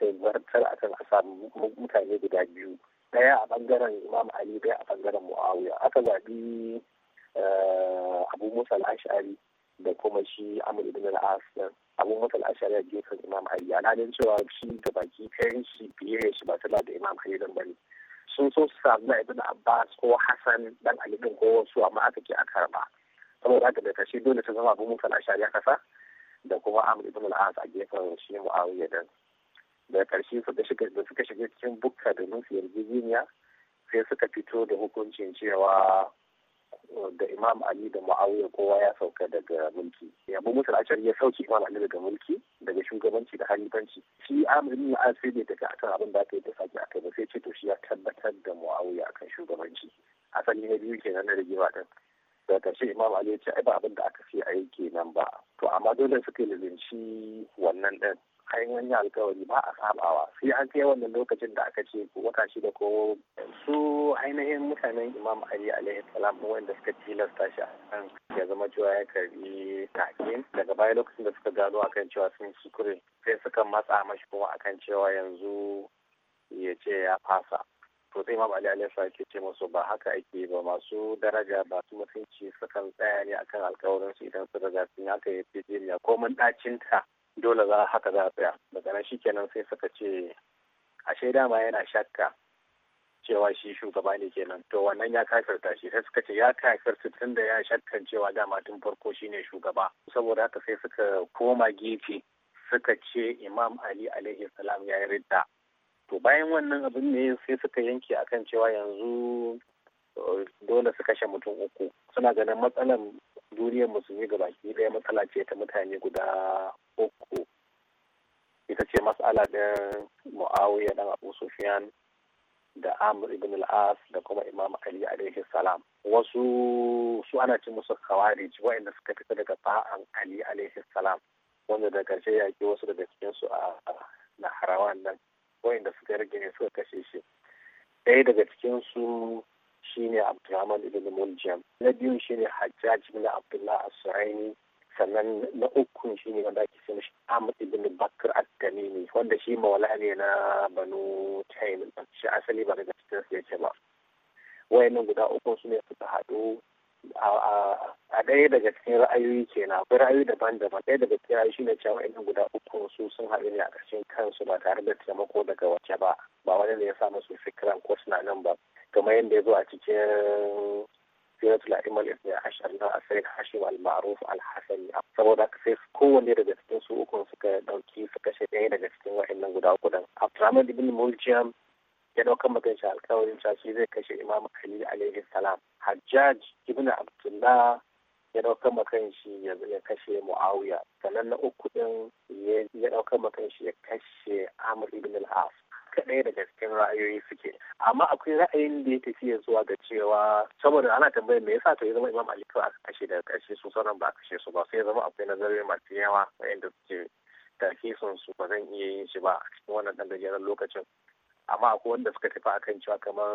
sai zartar kan a samu mutane guda biyu daya a bangaren imam ali daya a bangaren muawiya aka zaɓi eh, abu musa al da kuma shi amur ibn al abu musa al a gefen imam ali alhalin cewa shi ta baki ɗayan shi fiye da shi ba tana da imam ali dan bane sun so su samu ibn abbas ko hassan dan ali din ko wasu amma aka ke a karba saboda haka da kashe dole ta zama abin a a a kasa da kuma amr ibn al-as a gefen shi muawiya din da karshe su da suka shiga cikin bukka da su yarjejeniya sai suka fito da hukuncin cewa da imam ali da muawiya kowa ya sauka daga mulki abu musul ashari ya sauke imam ali daga mulki daga shugabanci da halifanci shi amurin ya sai ne daga akan abin da aka yi da sake aka ba sai ce to shi ya tabbatar da muawiya akan shugabanci asali na biyu kenan na rigima din daga karshe imam ali ya ce ai ba abin da aka fi aiki nan kenan ba to amma dole suka lizinci wannan din an wani alkawari ba a sabawa sai an kai wannan lokacin da aka ce wata da ko su ainihin mutanen imam ali alaihi salam wanda suka tilasta shi akan ya zama cewa ya karbi take daga baya lokacin da suka gano akan cewa sun sukure sai suka matsa mashi kuma akan cewa yanzu ya ce ya fasa to sai imam ali alaihi salam ke ce musu ba haka ake ba masu daraja ba su mutunci sukan tsaya ne akan alkawarin su idan su daga sun haka ya fi jiriya ko mun dacinta dole za haka za a tsaya daga nan shikenan sai suka ce ashe dama yana shakka cewa shi shugaba ne kenan to wannan ya kafirta shi sai suka ce ya kafirta tun da ya shakkan cewa dama tun farko shine shugaba saboda haka sai suka koma gefe suka ce imam ali alaihi salam ya yi ridda to bayan wannan abin ne sai suka yanke akan cewa yanzu uh, dole su kashe mutum uku suna ganin matsalar. duniyar musulmi ga baki ɗaya matsala ce ta mutane guda uku ita ce matsala da mu'awiya ɗan abu sufyan da amr ibn al-as da kuma imam ali alaihi salam wasu su ana cin musu khawarij wa'anda suka fita daga sa'an ali alaihi salam wanda da karshe ke wasu daga cikin su a harawan nan wa'anda suka rage ne suka kashe shi ɗaya daga cikin su shine Abdulrahman ibn Muljam na biyu shine Hajjaj ibn Abdullah as sannan na uku shine wanda ake ce shi Ahmad ibn Bakr At-Tamimi wanda shi mawala ne na Banu Taym shi asali ba daga cikin su yake ba wayannan guda uku su ne suka haɗu a ɗaya daga cikin ra'ayoyi ke na, akwai ra'ayoyi daban-daban ɗaya daga cikin ra'ayoyi shine cewa wa'annan guda uku su sun haɗu ne a ƙarshen kansu ba tare da taimako daga wace ba ba wani ne ya sa musu fikiran ko suna nan ba kamar yadda ya zo a cikin siratul imal ibn ashar na asirin hashim al-ma'ruf al-hasani saboda sai kowanne daga cikin su ukun suka dauki su kashe ɗaya daga cikin wa'annan guda uku dan abdurrahman ibn Muljiyam, ya ɗaukan maganci alkawarin cewa shi zai kashe imam ali alaihi salam hajjaj ibn abdullah ya ɗaukar shi ya kashe muawiya sannan na uku ɗin ya ɗaukar shi ya kashe amr ibn al-as Kaɗaya da daga cikin ra'ayoyi suke amma akwai ra'ayin da ya tafiya zuwa ga cewa saboda ana tambayar me yasa to ya zama imam ali a kashe daga kashe su sauran ba a kashe su ba sai ya zama akwai nazari masu yawa wa'inda suke sun su ba zan iya yin shi ba a cikin wannan ɗan gajeren lokacin amma akwai wanda suka tafi akan cewa kamar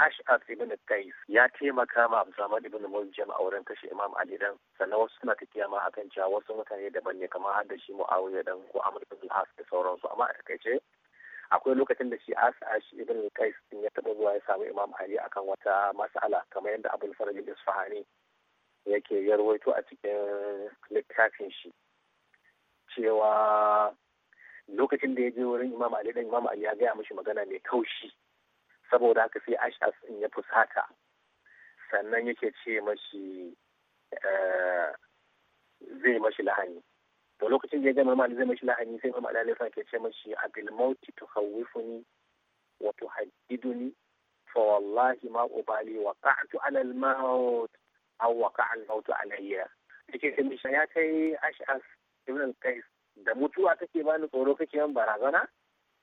ash'af ibn qais ya taimaka ma abdulrahman ibn muljam a wurin kashe imam ali dan sannan wasu suna tafiya ma akan cewa wasu mutane daban ne kamar har da shi muawiya dan ko amr ibn al-as da sauransu amma a takaice akwai lokacin da shi asashi ibn din ya taɓa zuwa ya samu imam ali akan wata mas'ala kamar yadda abul faraj isfahani yake yarwaito a cikin littafin shi cewa lokacin da ya je wurin imam ali dan imam ali ya gaya mishi magana mai taushi. saboda haka sai ashas in ya fusata sannan yake ce mashi eh, zai mashi lahani to lokacin da ya gama Imam Ali zai mashi lahani sai Imam Ali ke ce mashi abil mauti tuhawwifuni wa tuhaddiduni fa wallahi ma ubali waqa'tu ala al maut aw waqa'a al maut alayya yake ce mishi ya kai ash'af ibn al qais da mutuwa take bani tsoro kake yan barazana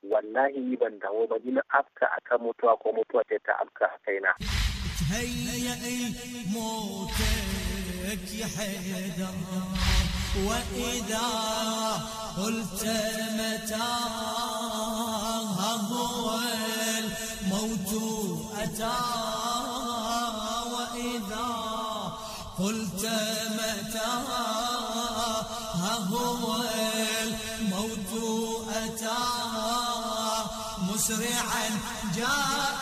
wallahi ni ban dawo ba dina na afka akan mutuwa ko mutuwa ce ta afka a kaina هيئ موتك يا حيدر وإذا قلت متى هو الموت أتى وإذا قلت متى هو الموت أتى مسرعا جاء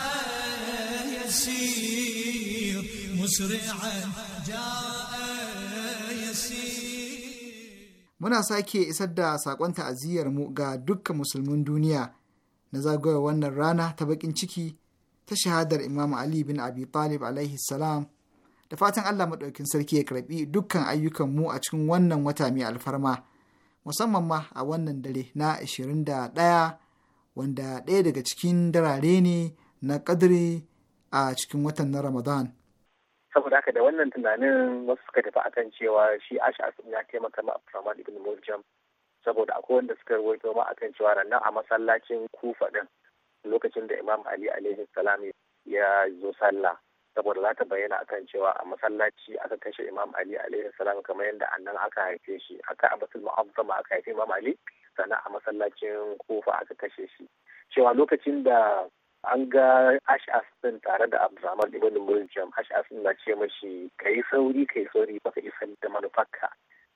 يسير مسرعا جاء muna sake isar da saƙon ta'aziyyar mu ga dukkan musulmin duniya na zagayowar wannan rana ta baƙin ciki ta shahadar Imam Ali bin Abi Talib alaihi salam da fatan Allah maɗaukin sarki ya karɓi dukkan ayyukan mu a cikin wannan wata mai alfarma musamman ma a wannan dare na 21 wanda ɗaya daga cikin darare ne na ƙadiri a cikin watan na Ramadan saboda haka da wannan tunanin wasu suka tafi akan cewa shi ash'as ya taimaka ma abdurrahman ibn muljam saboda akwai wanda suka rawaito ma akan cewa nan a masallacin kufa ɗin lokacin da imam ali alaihi salam ya zo sallah saboda za ta bayyana akan cewa a masallaci aka kashe imam ali alaihi salam kamar yadda annan aka haife shi aka abatul mu'azzama aka haife imam ali sannan a masallacin kufa aka kashe shi cewa lokacin da an ga ash'as din tare da abdulrahman ibn muljam ash'as na ce mashi yi sauri kai sauri baka isa da manufarka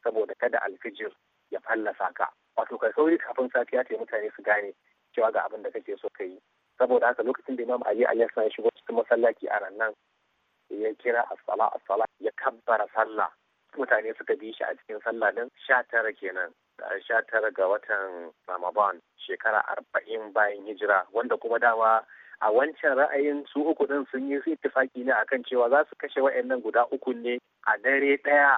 saboda kada alfijir ya fallasa ka wato kai sauri kafin safiya ta mutane su gane cewa ga abin da kake so ka yi saboda haka lokacin da imam ali alayhi ya shigo cikin masallaci a nan ya kira as-sala as-sala ya kabbara sallah mutane suka bi shi a cikin sallah din tara kenan sha tara ga watan Ramadan shekara arba'in bayan hijira wanda kuma dama a wancan ra'ayin su uku din sun yi ittifaki ne akan cewa za su kashe wa'annan guda uku ne a dare ɗaya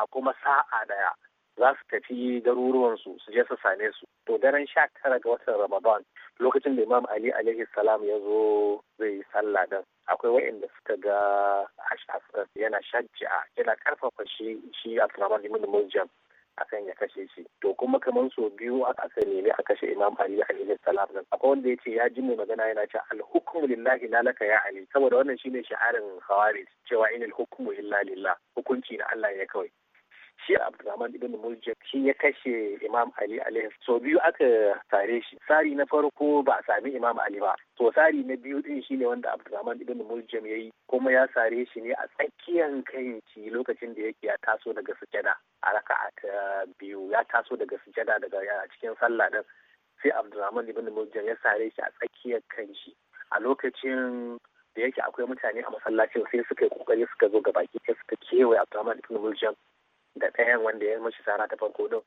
a kuma sa'a ɗaya za su tafi garuruwansu su je su same su to daren sha tara ga watan Ramadan lokacin da Imam Ali alaihi salam ya zo zai yi sallah din akwai wa'inda suka ga yana shajja yana karfafa shi shi Abdurrahman ibn Muljam akan ya kashe shi to kuma kamar so biyu aka sani ne a kashe imam ali alaihi salam akwai wanda ya ce ya ji mai magana yana cewa al hukmu lillahi la laka ya ali saboda wannan shine shi'arin khawarij cewa inal hukmu illa lillah hukunci na Allah ne kawai shi abdulrahman ibn muljab shi ya kashe imam ali alaihi so biyu aka sare shi sari na farko ba a sami imam ali ba to sari na biyu din ne wanda abdulrahman ibn muljam yi. kuma ya sare shi ne a tsakiyan kanci lokacin da yake ya taso daga sujada a raka'a ta biyu ya taso daga sujada daga cikin sallah din sai abdulrahman ibn muljam ya sare shi a tsakiyar kanshi a lokacin da yake akwai mutane a masallacin sai suka yi kokari suka zo gabaki sai suka kewaye abdulrahman ibn muljam da ɗayan wanda ya mashi sara ta farko din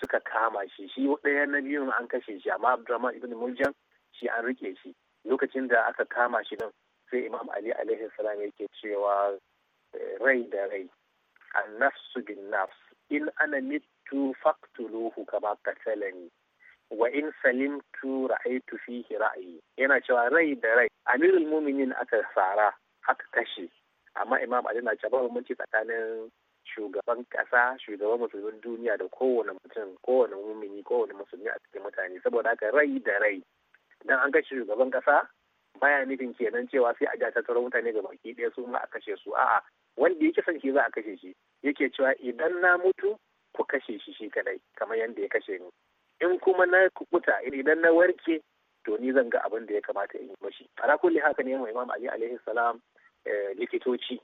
suka kama shi shi ɗaya na biyun an kashe shi amma Abdurrahman ibn Muljan shi an rike shi lokacin da aka kama shi din sai Imam Ali alaihi salam yake cewa eh, rai da rai annafsu bin nafs in ana mitu faqtuluhu kama qatalani wa in salimtu ra'aytu fihi ra'ayi yana cewa rai da rai amirul muminin aka sara aka kashe amma imam ali na cewa mun ci tsakanin shugaban kasa shugaban musulmin duniya da kowane mutum kowane mumini kowane musulmi a cikin mutane saboda haka rai da rai dan an kashe shugaban kasa baya nufin kenan cewa sai a ja ta tattaro mutane ga baki ɗaya su ma a kashe su a'a wanda yake son shi za a kashe shi yake cewa idan na mutu ku kashe shi shi kadai kamar yadda ya kashe ni in kuma na kukuta idan na warke to ni zan ga abin da ya kamata in yi mashi a kulli haka ne mai imam ali alaihi salam eh, likitoci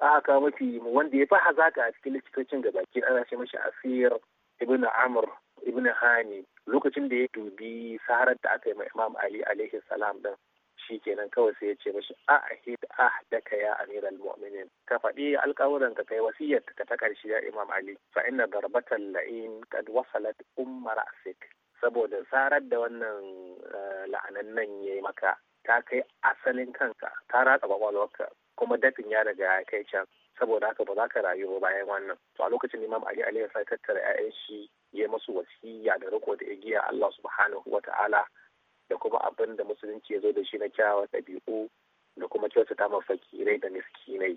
A'a kawo mafi wanda ya fi hazaka a cikin likitocin da baki ana ce mashi asir ibn amr ibn hani lokacin da ya dubi saharar da aka yi ma imam ali alaihi salam din shi kenan kawai sai ya ce mashi ahid ahdaka ya amiral mu'minin ka faɗi alƙawuran ka kai wasiyar ka ta ƙarshe ya imam ali fa inna darbatan la'in kad wasalat umma ra'sik saboda sarar da wannan eh, la'anannan ya yi maka ta kai asalin kanka ta ratsa kwakwalwarka kuma dafin ya riga ya kai can saboda haka ba za ka rayu ba bayan wannan to a lokacin imam ali alayhi sai tattara 'ya'yan shi ya masu wasiya da riko da igiya Allah subhanahu wata'ala da kuma abin da musulunci ya zo da shi na kyawawan ɗabi'u da kuma kyautata ma fakirai da miskinai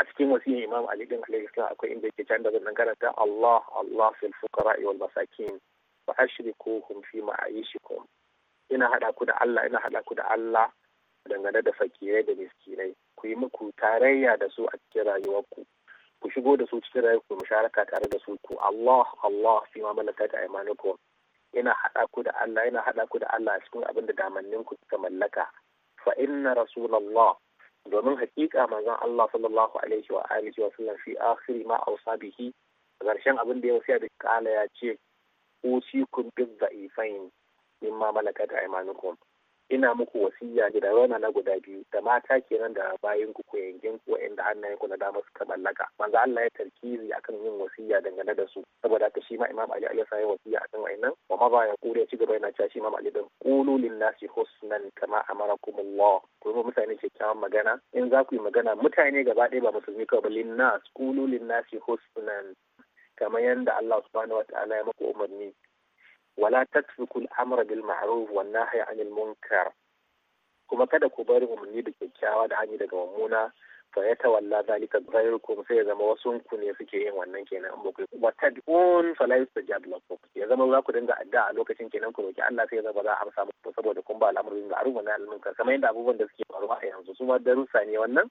a cikin wasiyyar imam ali din alayhi salam akwai inda yake can da zan karanta Allah Allah fil fuqara'i wal masakin wa ashrikuhum fi ma'ayishikum ina hada ku da Allah ina hada ku da Allah dangane da fakirai da miskinai ku yi muku tarayya da su a cikin rayuwarku ku shigo da su cikin rayuwarku musharaka tare da su ku Allah Allah fi ma malakat aymanukum yana haɗa ku da Allah yana haɗa ku da Allah cikin abin da damannin ku suka mallaka fa inna rasulallah domin hakika manzon Allah sallallahu alaihi wa alihi wa sallam fi akhiri ma awsa bihi garshen abin da ya wasiya da kala ya ce usikum bi dha'ifain mimma malakat aymanukum ina muku wasiya gida na guda biyu da mata kenan da bayan ku koyangin wa'anda hannayen ku na dama suka mallaka manzo Allah ya tarkizi akan yin wasiya dangane da su saboda ka shi ma Imam Ali ya sai wasiya akan aina, wa ma ba ya kure ci gaba yana cewa shi Imam Ali dan qulu lin nasi husnan kama amarakumullah ku yi mutane kyakkyawan magana in za ku yi magana mutane gaba ɗaya ba musulmi kawai ba lin nas qulu lin nasi husnan kamar yadda Allah subhanahu wa ta'ala ya maku umarni wala tasfiku al'amra bil ma'ruf wan nahya anil munkar kuma kada ku bari umuni da kyakkyawa da hanyar daga mummuna fa ya tawalla zalika ghayrukum sai zama wasu ku ne suke yin wannan kenan in baku wa tad'un fala yustajab lakum ya zama za ku dinga addu'a a lokacin kenan ku roki Allah sai ya zama za a amsa muku saboda kun ba al'amarin da aruba na al'amuka kamar yadda abubuwan da suke faruwa a yanzu su ma darussa ne wannan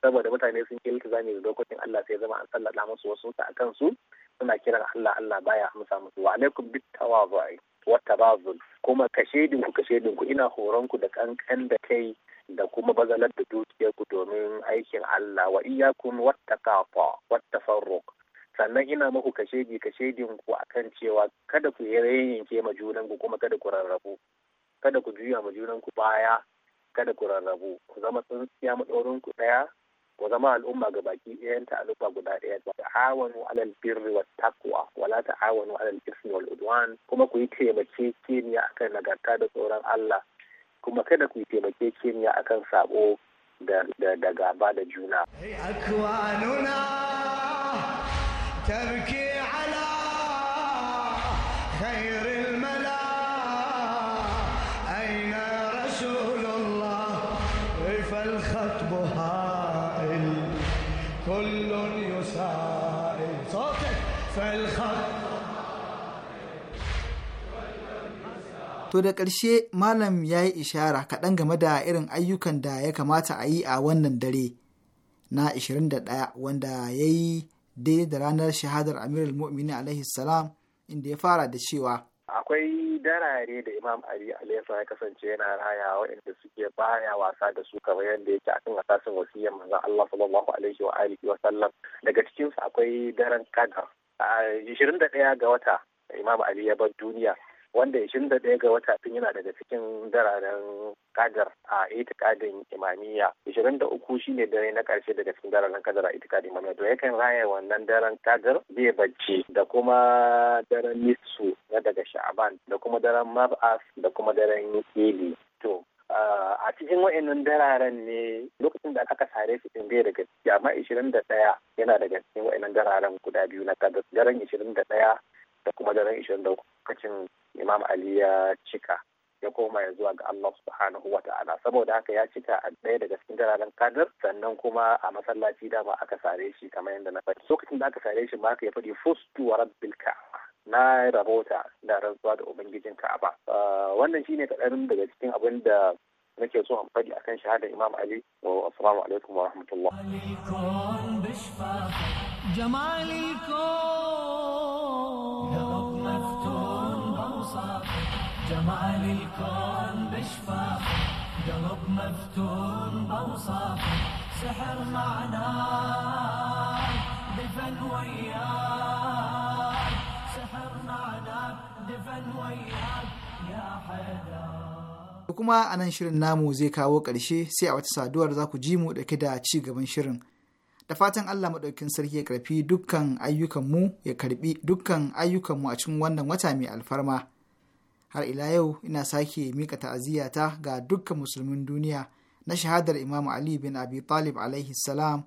saboda mutane sun yi iltizami da lokacin, Allah sai ya zama an sallata musu wasu ta akan su suna kiran Allah Allah baya amsa musu wa alaikum bitawazu'i wa tabazul kuma ka shedin ku ka shedin ku ina horon ku da kankan da kai da kuma bazalar da dukiyar ku domin aikin Allah wa iyyakum wattaqafa wattafarruq sannan ina muku kashedi kashedin ku akan cewa kada ku yayyanke ma junan ku kuma kada ku rarrabu kada ku juya ma junan ku baya kada ku rarrabu ku zama tsintsiya maɗaurin ku ɗaya wa zama al'umma ga baki ɗayanta al'umma guda ɗaya ba ta'awanu alal birri wa taqwa wa la ta'awanu alal ismi wal udwan kuma ku yi taimakekeniya akan nagarta da tsoron Allah kuma kada ku yi taimakekeniya akan sabo da da da gaba da juna akwanuna tabki ala khairil mala aina rasulullah fal khatbuha كل يسائل صوتك فالخط To da ƙarshe Malam ya yi ishara kaɗan game da irin ayyukan da ya kamata a yi a wannan dare na 21 wanda ya yi dai da ranar shahadar Amirul Mu'mini salam inda ya fara da cewa akwai darare da imam ali alayhi ya kasance yana raya waɗanda suke baya wasa da su kamar yadda yake akan asasin wasiyyar manzon Allah sallallahu alaihi wa alihi wa sallam daga cikinsu akwai daren kadar a 21 ga wata imam ali ya bar duniya wanda 21 ga wata tun yana daga cikin dararen kadar a itikadin imamiyya 23 shine dare na karshe daga cikin dararen kadar a itikadin imamiya. to yakan raya wannan daren kadar zai bacci da kuma daren nisu na daga sha'aban da kuma daren mab'as da kuma daren Ili. to a cikin wa'annan dararen ne lokacin da aka sare su din bai daga jama'a 21 yana daga cikin wa'annan dararen guda biyu na kadar daren 21 da kuma daren ishirin da lokacin imam ali ya cika ya koma ya zuwa ga Allah subhanahu wa ta'ala saboda haka ya cika a ɗaya daga cikin dararen kadar sannan kuma a masallaci dama aka sare shi kamar yadda na faɗi lokacin da aka sare shi ma aka ya faɗi fustu wa rabbil na rabota da rantsuwa da ubangijin ka'aba ah, wannan shine kaɗan daga cikin abin da nake so in faɗi akan shahadar Imam Ali wa assalamu alaikum wa rahmatullah جمال الكون قلب مفتون سحر دفن وياك سحر دفن وياك يا حدا kuma a nan shirin namu zai kawo ƙarshe sai a wata saduwar za ku ji mu ɗauke da ci gaban shirin da fatan Allah maɗaukin sarki ya karfi dukkan ayyukanmu ya karbi dukkan ayyukanmu a cikin wannan wata mai alfarma har ila yau ina sake mika ta'aziyata ga dukkan musulmin duniya na shahadar imam ali bin abi talib alaihi salam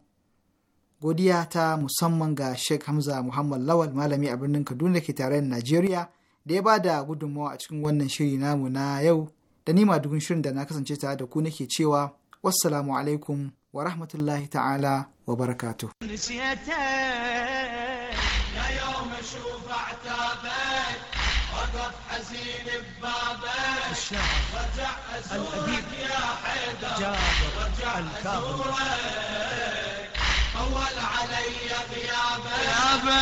godiya ta musamman ga sheikh hamza muhammad lawal malami a birnin kaduna ke tare da najeriya da ya ba da gudunmawa a cikin wannan shiri namu na yau da ni dukkan shirin da na kasance tare da ku nake cewa wassalamu alaikum wa rahmatullahi ta'ala wa barakatu حضر حزين ببابك رجع أزورك يا حيدر رجع أزورك طول علي غيابك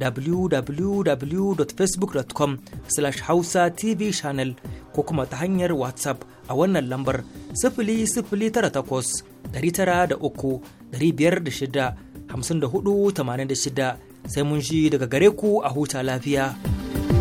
www.facebook.com slash hausa tv channel ko kuma ta hanyar whatsapp a wannan lambar da 00983 da shida sai mun shi daga gare ku a huta lafiya.